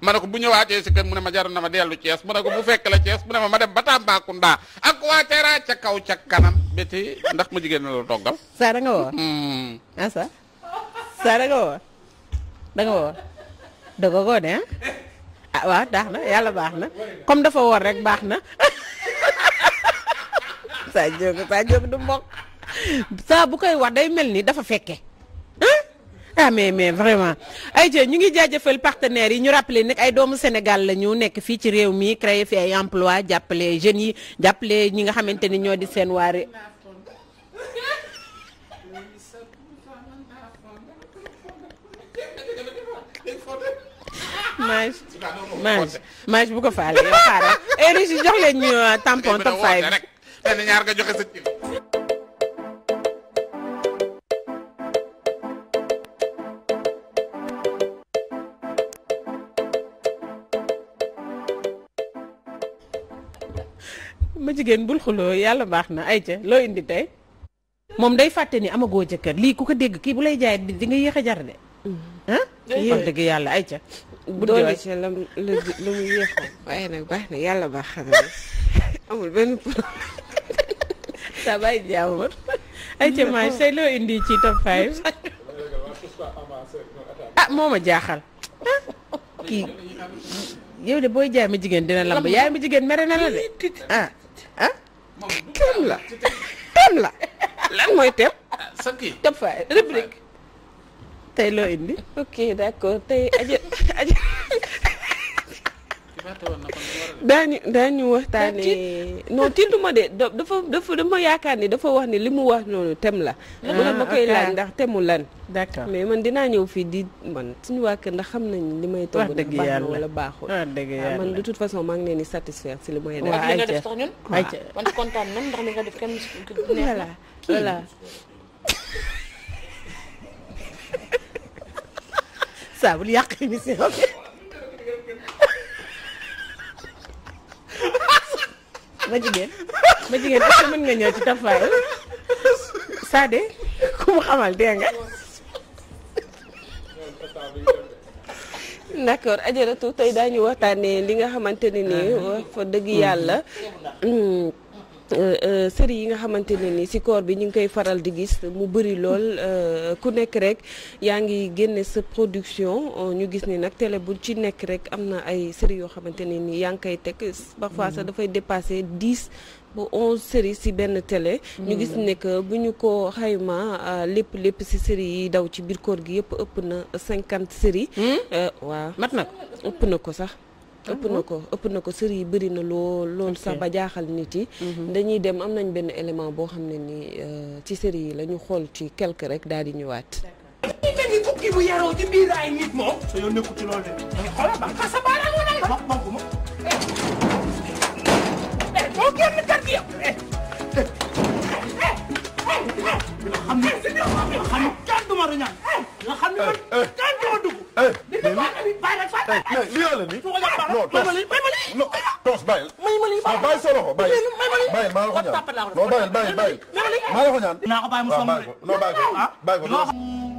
ma ne ko bu ñëwaa si kër mu ne ma jaroon na ma dellu Thiès mu ko bu fekk la Thiès mu ne ma ma dem ba Tambacounda ak waa Teera ca kaw ca kanam ndax ma jigéen na la toggal. saa hmm. ah, da nga woor. ah saa saa waaw baax na yàlla baax na comme dafa woor rek baax na. saa jóg saa jóg du mbokk saa bu koy wax day mel nii dafa fekke ah mais mais vraiment ay ñu ngi jaajëfal partenaires yi ñu rappelé nag ay doomu Sénégal la ñu nekk fii ci réew mi créé fi ay emploi jàppale jeunes yi jàppale ñi nga xamante ni ñoo di seen waar mange mange mange bu ko faale yow xaaral eh, jox leen ñu euh, tampon eh, five ma jigéen bul xuloo yàlla baax na ay ca loo indi tey. moom day fàtte ni amagoo jëkkër lii ku ko dégg kii bu lay jaay di nga yéex a jar de. Mm-hmm. Ah? yàlla ay ca. bu doole ca la mu la baax na yàlla baax na amul benn ah, jaaxal. Ah? kii yow de booy jaay ma jigéen dina lamb yaay ma jigéen mere na la de ah tem la tem la lan mooy tem teb faay rubrique tey loo indi ok d'accord tey aja aja daañu daañu waxtaanee non tiituma de dafa dafa dama yaakaar ni dafa wax ni li mu wax noonu tem la. mu ah, ne ma koy laaj ndax temu lan. d'accord mais man dinaa ñëw fii di man suñu waa kër ndax xam nañ li may. togg ndax baax na wala baaxul. Ah, man de toute façon maa ngi leen di satisfaire si li may. waaw ayca def sax ñun. ayca ah, man kontaan nañ ndax li nga def kenn. voilà voilà. saa bul yàq ma jigéen ma jigéen est-ce que mën nga ñëw ci tafaayal Sade ku mu xamal dégg nga. d'accord ajaratu tey daañu waxtaanee li nga xamante ne nii. fa dëgg yàlla. Euh, euh, série yi nga xamante ne nii si koor bi ñu ngi koy faral di gis mu bëri lool euh, ku nekk rek yaa ngi génne sa production ñu gis ni nag télé bu ci nekk rek am na ay série yoo xamante ne nii yaa ngi koy teg parfois sax mm. dafay dépasser dix bu onze série si benn télé. ñu gis mm. ne que bu ñu ko xayma lépp lépp si série yi daw ci biir koor gi yëpp ëpp na cinquante série mm. waaw mat na ëpp na ko sax ëpp na ko ëpp na ko sër yi bëri na lool lool sax ba jaaxal nit yi mhm. dañuy dem am nañ benn élément boo xam ne nii euh, ci sër yi la ñu xool ci quelque rek daal di ñëwaat kii bu yaroo ci biir ay nit moom. sa yoon nekku ci loolu de. Eh, xoolal ba nga sa baaraam wala la. ma ma ma. moo génn kër gi yow. Eh, eh, nga xam ne. nga xam ne kan du ma du ñaan. nga xam ne man. mais li la nii. non tos may ma lii non tos bàyyi. may ma lii bàyyi bàyyi sa loxo bàyyi. bàyyi maa la ko ñaan non bàyyi bàyyi bàyyi. maa la ko ñaan. naa ko bàyyi mu sonn de. non bàyyi ko non bàyyi ko. Ah,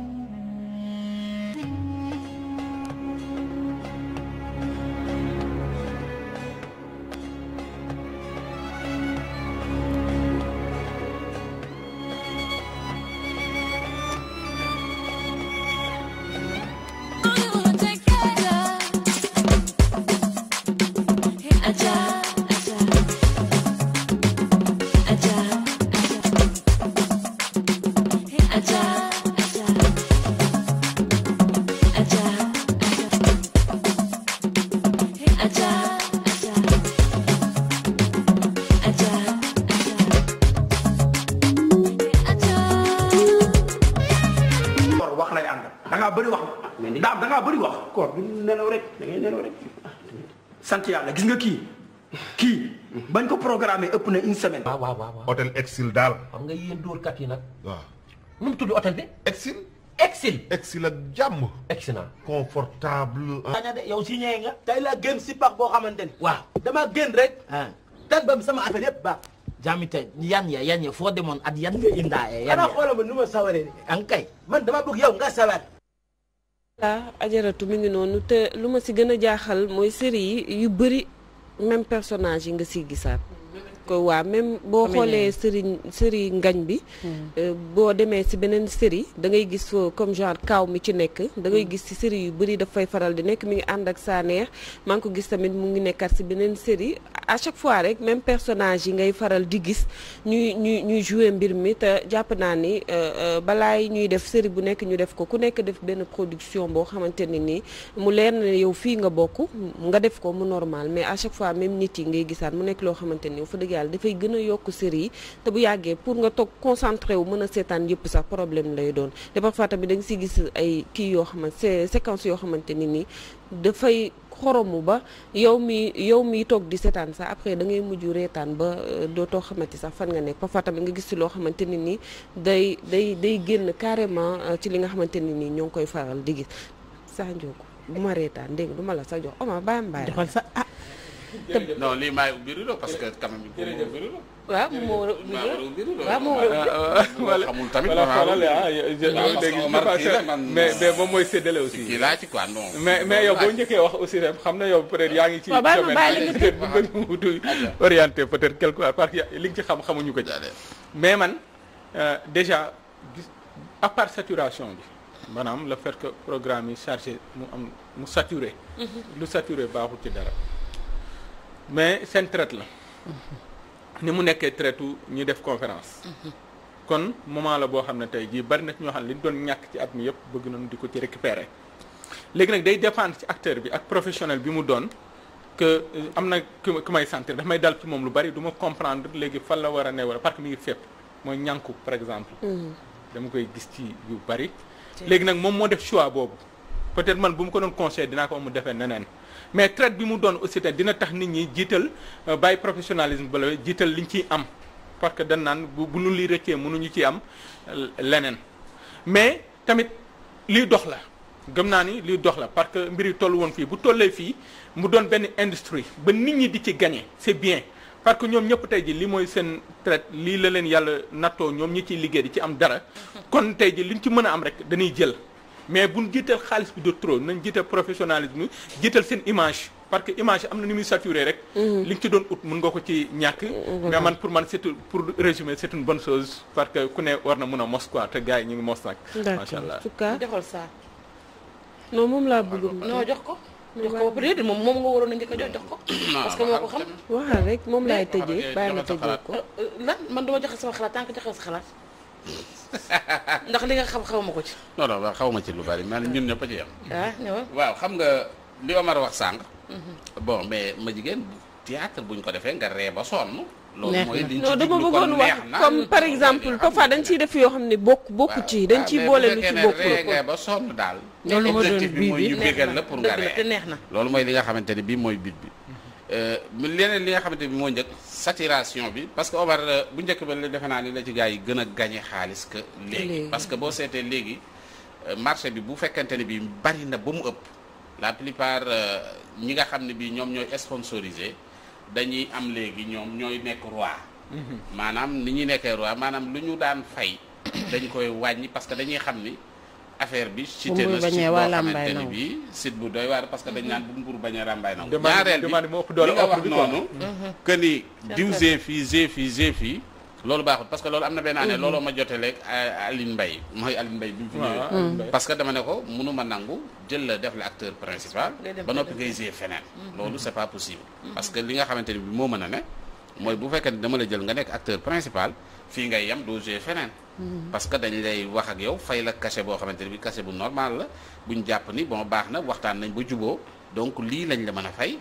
sant yàlla gis nga kii kii. bañ ko programmé ëpp na une semaine. waaw waaw waaw daal. xam nga yéen dóorkat yi nag. waaw nu mu tudd hôtel bi. Exil. Exil. Exil ak jàmm. na confortable. xanaa de yow si ñëwee nga. tey laa génn si pax boo xamante ni. waa dama génn rek. Ah. teg ba sama affaire yëpp baax. jaami tey yan ya yan ya foo demoon at yan nga indaa. yan nu ma an kay man dama bëgg yow nga sawar. voilà ajaratu mi ngi noonu te lu ma si gën a jaaxal mooy série yi yu bëri même personnage yi nga siy gisaat. waaw même boo xoolee série série ngañ bi hmm. euh, boo demee si beneen série dangay ngay gis comme genre kaaw mi ci nekk da ngay hmm. gis si série yu bëri dafay faral di nekk mi ngi ànd ak Saneex maa ngi ko gis tamit mu ngi nekkaat si beneen série à chaque fois rek même personnage yi ngay faral di gis ñuy ñuy ñuy jouer mbir mi te jàpp naa ni euh, euh, balaa yi ñuy def série bu nekk ñu def ko ku nekk def benn production boo xamante ne nii mu leer yow fii nga bokk nga def ko mu normal mais à chaque fois même nit yi ngay gisaat mu nekk loo xamante ni yow Sénégal dafay gën a yokk série te bu yàggee pour nga toog concentré wu mën a seetaan yëpp sax problème lay doon te parfois tamit da si gis ay kii yoo xamante séquence yoo xamante ni nii dafay xoromu ba yow mi yow mi toog di seetaan sax après da ngay mujj reetaan ba euh, dootoo xamante sax fan nga nekk parfois tamit nga gis ci loo xamante ne nii day day day génn carrément euh, ci li nga xamante ne nii ñoo ngi koy faral di gis saa njóogu bu ma reetaan dégg du ma la sa jox oma bàyyi bàyyi non lii maay ubbi rido que quand même. jërëjëf waaw moo war ah, a ah, ah, ubbi rido waaw moo war a mais mais moom mooy séddale aussi. laa ci mais mais yow boo njëkkee wax aussi rek xam na yow peut être yaa ngi. ci semaine peut être bu ngeen wutu orienté peut être li nga ci xam xamuñu ko ci. mais man euh, déjà gis saturation bi. maanaam le fait que programme yi chargé mu am mu saturé. Mm-hmm. lu saturé baaxul ci dara. mais seen traite la mhm. ni mu nekkee traite ñu def conférence mhm. kon moment la boo xam ne tey jii bari nag ñoo xam ne li doon ñàkk ci at mi yëpp bëgg nañu di ko ci récupérer léegi nag day dépendre ci acteur bi ak professionnel bi mu doon que euh, am na ki may sentir daf may dal ci moom lu bari duma ma comprendre léegi fan la war a ne wala parce que mi ngi fépp mooy ñànku par exemple mhm. dama koy gis ci yu bari léegi nag moom moo def choix boobu peut-être man bu mu ko doon conseillé dinaa ko amu defee neneen mais traite bi mu doon aussi te dina tax nit ñi jiital euh, bàyyi professionnalisme bala jiital ñu ciy am parce que dañ naan bu bu nu lii rëccee mënuñu ci am euh, leneen mais tamit lii dox la gëm naa ni lii dox la parce que mbir yi toll woon fii bu tollee fii mu doon benn industrie ba nit ñi di ci gagné c'est bien parce que ñoom ñëpp tey ji li mooy seen traite lii la leen yàlla nattoo ñoom ñi ciy liggéey di ci am dara kon tey ji ñu ci mën a am rek dañuy jël mais bu jiital xaalis bi de trop nañ jiital professionnalisme jiital seen image parce que image am na ni muy saturé rek. Mm-hmm. li nga ci doon ut mën nga ko ci ñàkk. Mm-hmm. mais man pour man c'est pour résumer c'est une bonne chose parce que ku ne war na mën a mos quoi te gars yi ñu ngi mos nag. macha allah en tout saa. moom laa bëgg. jox ko. jox ko moom moom nga waroon a njëkk a jox ko. parce que moo moom laay tëjee bàyyi ma tëjee ko. Euh, euh, man dama joxe sama xalaat tant que joxe sa xalaat. ndax li nga xam xaw ma ko ci. non non xaw ma ci lu bari maanaam ñun ñëpp a ci yem. Ah, waaw xam nga li Omar wax sànq. Mhm. bon mais ma jigéen théâtre buñ ko defee nga ree ba sonn. loolu mooy diñ ci dama bëggoon wax comme par exemple dañ ciy def yoo xam ne bokk bokku ci dañ ciy boole lu ci bokk ba sonn daal. loolu moo doon bii neex na loolu mooy li nga xamante ne bii mooy bit bi. Euh, leneen li nga xamante bi moo njëkk saturation bi parce que Omar euh, bu njëkk ba la defe naa ni la ci gars yi gën a gañe xaalis que léegi parce que boo seetee léegi euh, marché bi bu fekkente ne bi bari na ba mu ëpp la plupart ñi nga xam ne bi ñoom ñooy sponsorisé dañuy am léegi ñoom ñooy nekk roi mhm. maanaam ni ñuy nekkee roi maanaam lu ñu daan fay dañ koy wàññi parce que dañuy xam ni affaire bi. ci te na site boo xamante ni bii site bu doy waar parce que dañ naan bu nguur bañ a ràmbaay nangu. ñaareel bi li nga wax noonu. Mhm. que diw zee fii zee fii fii. loolu baaxul parce que loolu am na benn année mhm. looloo ma jotee léegi euh, Aline Mbaye mooy Aline mbay bi mu fi ñëwee parce que dama ne ko mënuma nangu jël def acteur principal ba noppi feneen mhm. loolu c'est pas possible parce que li nga xamante ni bi moo mën a ne mooy bu fekkee ne dama la jël nga nekk acteur principal fii ngay yem doo jouer feneen Mm-hmm. parce que dañ lay wax ak yow fay la cachet boo xamante ne bi cachet bu normal la buñ jàpp ni bon baax na waxtaan nañ ba juboo donc lii lañ la mën a fay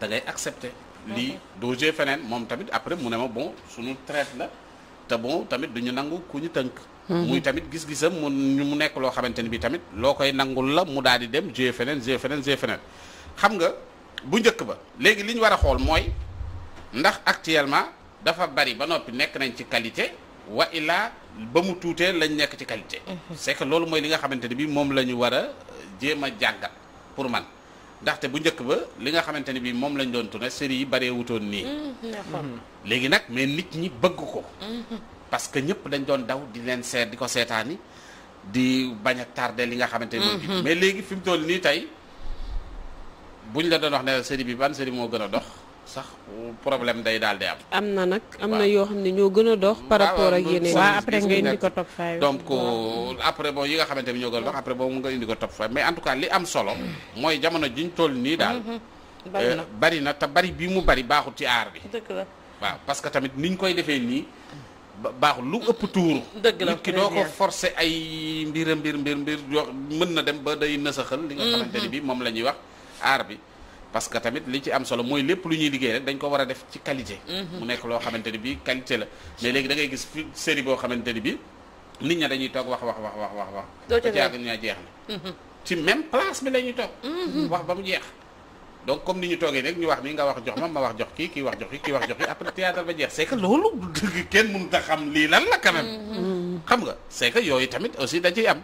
da ngay accepter lii doge feneen moom tamit après mu ne ma bon suñu traite la te bon tamit duñu nangu ku ñu tënk mm-hmm. muy tamit gis-gisam mu mu nekk loo xamante ni bi tamit loo koy nangul la mu daal di dem g feneen g feneen g xam nga bu njëkk ba léegi li war a xool mooy ndax actuellement dafa bari ba noppi nekk nañ ci qualité wa illaa ba mu tuutee lañ nekk ci qualité. Mhm. c'est loolu mooy li nga xamante ne bii moom la ñu war jéem a jàngat pour man ndaxte bu njëkk ba li nga xamante ne bii moom lañ doon tourné série yi baree nii. Mhm, mhm. léegi nag mais nit ñi bëgg ko. parce que ñëpp dañ doon daw di leen seet di ko seetaani di bañ a tarde li nga xamante ne mais léegi fi mu toll nii tey buñ la doon wax ne série bi ban série moo gën a dox. sax problème day daal di am. am na nag am na yoo xam ne ñoo gën a dox. par rapport ak yeneen waa après nga indi ko top 5. donc après yi a dox après boobu nga indi ko top 5 mais en tout cas li am solo. mooy jamono jiñ toll nii daal. Mm-hmm. Euh, bari na te bari bi mu bari baaxul ci aar bi. dëgg la waaw parce que tamit niñ koy defee nii. baaxul lu ëpp tuuru. dëgg la nit ki doo ko forcer ay mbir mbir mbir mbir yoo mën na dem ba day nasaxal. li nga mm-hmm. xamante ni bi moom la ñuy wax aar bi. parce que tamit li ci am solo mooy lépp lu ñuy liggéey rek dañ ko war a def ci qualité mhm. mu nekk loo xamante ni bi qualité la mais léegi da ngay gis fi série xamante ni bi nit ña dañuy toog wax wax wax wax wax wax ba na mhm. ci même place bi la ñuy mhm. ba mu jeex donc comme ni ñu toogee rek ñu wax mi nga wax jox ma ma wax jox kii kii wax jox kii kii wax jox kii après théâtre ba jeex c'est que loolu kenn mënut a xam lii lan la quand xam nga c'est que yooyu tamit aussi da am.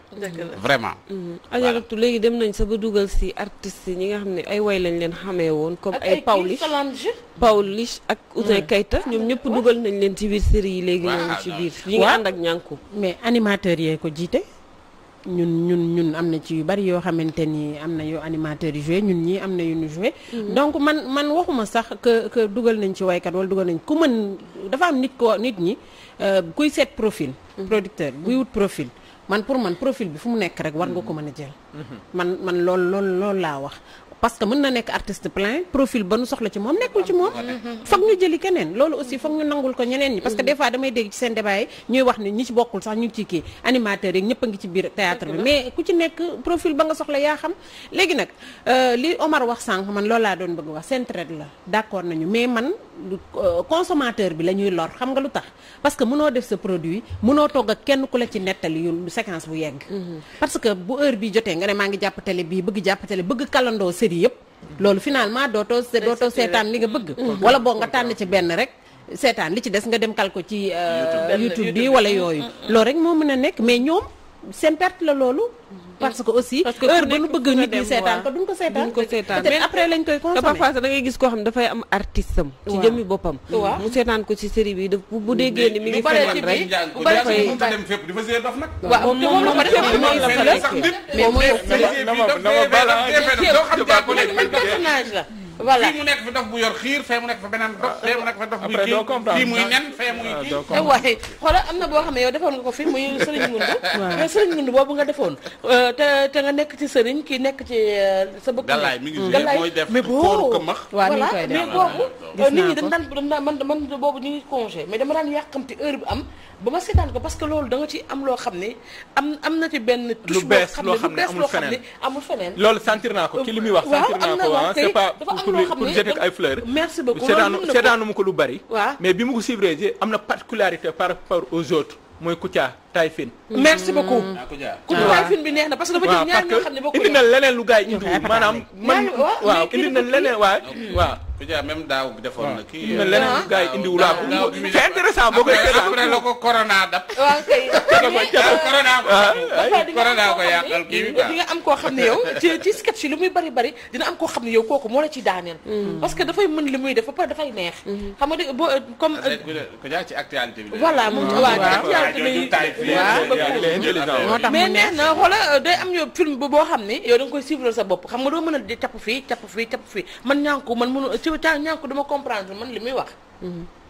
vraiment. Mm-hmm. voilà léegi dem nañ sa ba dugal si artistes yi ñi nga xam ne ay way lañ leen xamee woon. comme ay Pawlish Pawlish ak mm. Ouzin Keita ñoom ñëpp dugal nañ leen ci biir série yi léegi. ñoo ngi ci biir ñi nga ànd ak ñànku mais animateurs yee ko jiite. ñun ñun ñun am na ci yu bari yoo xamante ni am na yoo animateurs yu ñun ñii am na yu ñu joué. Mm-hmm. donc man man waxuma sax que que dugal nañ ci waykat wala dugal nañ ku mën dafa am nit ko nit ñi euh, kuy seet profil. Mm-hmm. producteur buy wut profil. man pour man profil bi fu mu nekk rek war nga ko mën a jël. Mm-hmm. man man lool lool loolu laa wax parce que mën na nekk artiste plein profil ba nu soxla ci moom nekkul ci moom foog ñu jëli keneen loolu aussi foog ñu nangul ko ñeneen ñi parce que des fois damay dégg ci seen débat yi ñuy wax ne ñi ci bokkul sax ñu ngi ci kii animateurs yi ñëpp a ngi ci biir théâtre bi mais ku ci nekk profil ba nga soxla yaa xam léegi nag euh, li Omar wax sànq man loolu laa doon bëgg wax seen trait la d'accord nañu mais man Euh, consommateur bi la ñuy lor xam nga lu tax parce que mënoo def sa produit mënoo togg ak kenn ku la ci nettali yu séquence bu yegg. Mhm. parce que bu heure bi jotee nga ne maa ngi jàpp télé bii bëgg jàpp télé bëgg kalandoo série yëpp. loolu finalement dootoo dootoo seetaan li nga bëgg. Mhm. wala boo nga tànn ci benn rek. seetaan li ci des nga dem kal ko ci. Euh, YouTube bi wala yooyu. Mhm. loolu rek moo mën a nekk mais ñoom seen perte la loolu. parce que aussi heure ba nu bëgg nit ñi seetaan ko duñ ko ko seetaan mais après lañ koy consommer parfois da gis koo xam dafay am artiste am ci jëmmi boppam mu seetaan ko ci série bi daf bu déggee ni mi ngi seetaan rek dafay dem fépp di fa see dof nag waaw moom moom fépp mooy la fa la moom mooy dama bala doo xam personnage la voilà fii mu nekk fa dof bu yor xiir fee mu nekk fa beneen dof fee mu nekk fa dof bu kii fii muy nen fee muy kii ah, eh, waaye xoolal am na boo xam ne yow defoon nga ko fi muy sëriñ ngundu eh, boobu nga defoon euh, te nga nekk ci sëriñ kii nekk ci euh, sa bëgg galaay mi ngi mooy def mais boobu euh, këmax voilà mais boobu nit dama daan yàqamti heure bi am ba ma seetaan ko parce que loolu da nga ci am loo xam ne am am na ci benn touche boo xam ne lu bees loo xam ne amul feneen loolu sentir naa ko ci li muy wax sentir naa ko ah, wax loo pour ay merci beaucoup lu bari. mais bi mu ko suivre am na particularité par rapport aux autres mooy Kouthia Taïfin. Mm. merci beaucoup. Ah, Kouthia ah. Taïfin bi neex na parce indi na leneen lu gars yi indi maanaam man waaw indi na leneen waaw Koudia même daaw bi defoon na kii. waaw leneen euh, gars yi indiwul laa ko. c'est intéressant boo koy gëstoo après la ko corona dab. waaw kay euh, ah, corona ko yàqal kii bi di nga am koo xam ne yow ci ci sketch yi lu muy bari bari dina am koo xam ne mais nee xoola euh, day am yow film boo xam ne yow da koy suivre sa bopp xam nga doo mën a di fii tapp fii tapp fii man ñànku man wu tàng ñàkk duma comprendre man li muy wax.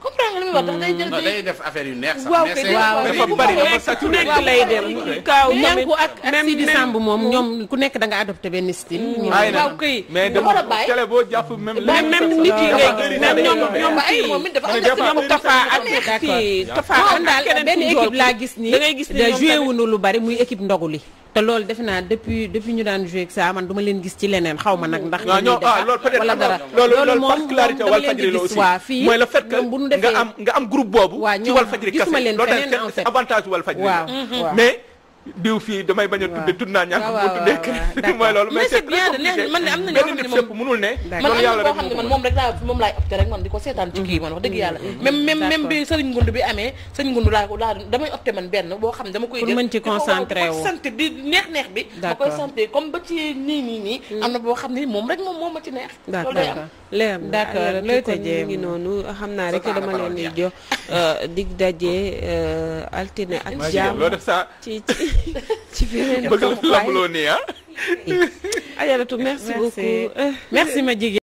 comprendre li muy wax ndax day def affaire yu neex sax. waaw dafa bari dafa ku nekk lay dem. kaaw ñànku ak ak si di moom ñoom ku nekk da nga adopté benn style. waaw kay mais dama télé boo jàpp même. même nit yi léegi même ñoom ñoom kii ñoom Tafa ak kii Tafa ak daal benn équipe laa gis nii da ngay gis ne joué wuñu lu bari muy équipe ndogu li te loolu defe naa depuis depuis ñu daan joué saa man du ma leen gis ci leneen xaw ma nag ndax. dañuy defar ah, wala dara loolu moom dama leen di gis waa fii ñoom bu nu defee nga am nga am groupe boobu. waaw ñoom gisuma leen feneen en fait ci Walfadjri kese avantage waaw mais. diw fii damay bañ a tudde tudd naa ñàkk boo tuddee na ñoo xam ne moom sëpp munul ne man am na koo xam ne man moom rek laa moom laay opté rek man di mm, mm, bi sëriñ ngund bi amee sëriñ boo xam ne dama koy mën bi ma ba ci mm. na boo xam ne moom rek moom moo ma ci neex loolu day am leer d'accord looy tëjee ngi noonu xam naa rek dama leen di jox euh, dig dajee euh, altine ak jàmm ci ci ci beneen bëgg la merci beaucoup euh, merci ma jigéen.